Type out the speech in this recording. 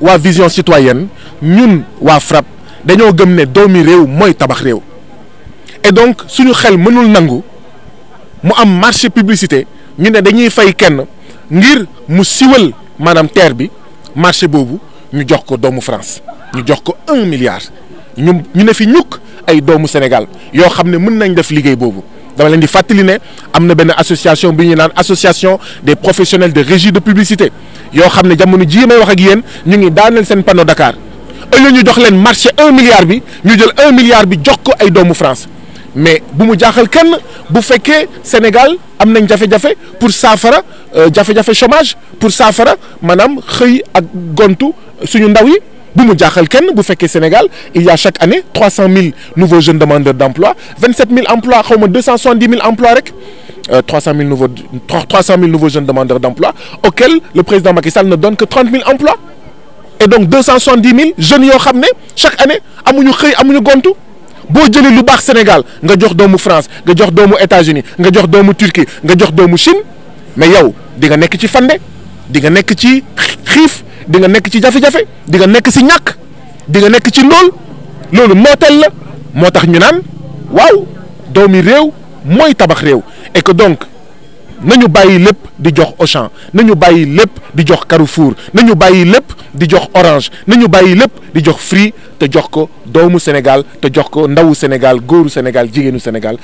la vision citoyenne ñun wa frappe, gëm dormir tabax et donc si nous mënul nangu mu am marché publicité nous avons dañuy fay nous avons Mme Terbi, marché bobo, France Nous avons ko un milliard Nous sommes nous fi ay nous Sénégal ne nous def dama leen di fàttali ne am na association bi ñu association des professionnels de régie de publicité yo xamné ne jamono jii may wax ak yeen ñu ngi daaneel sen panneau Dakar ëllëg ñu jox len marché 1 milliard bi ñu jël 1 milliard bi jox ko ay doomu France mais bu mu jaaxal kenn bu fekkee Sénégal am nañ jafé jafe pour safara jafé euh, jafé chômage pour safara manam xey ak gontu suñu ndaw yi. Sénégal, il y a chaque année 300 000 nouveaux jeunes demandeurs d'emploi, 27 000 emplois, 270 000 emplois avec. 300 000, nouveaux, 300 000 nouveaux jeunes demandeurs d'emploi, auxquels le président Macky Sall ne donne que 30 000 emplois. Et donc 270 000 jeunes y ont ramené chaque année. à Khey, Si Gontou. Boudjeli le Sénégal, Ngadjor Domou France, enfants Domou États-Unis, enfants Domou Turquie, enfants Domou Chine. Mais yo, diga nekichi fande, diga nekichi khif, di nga nek ci jafé jafé di nga nek ci ñak di nga nek ci lool loolu motel la motax ñu nan waw doomi rew moy tabax rew et que donc nañu bayyi lepp di jox Auchan nañu bayyi lepp di jox Carrefour nañu bayyi lepp di jox Orange nañu bayyi lepp di jox Free te jox ko doomu Sénégal te jox ko ndawu Sénégal góoru Sénégal jigéenu Sénégal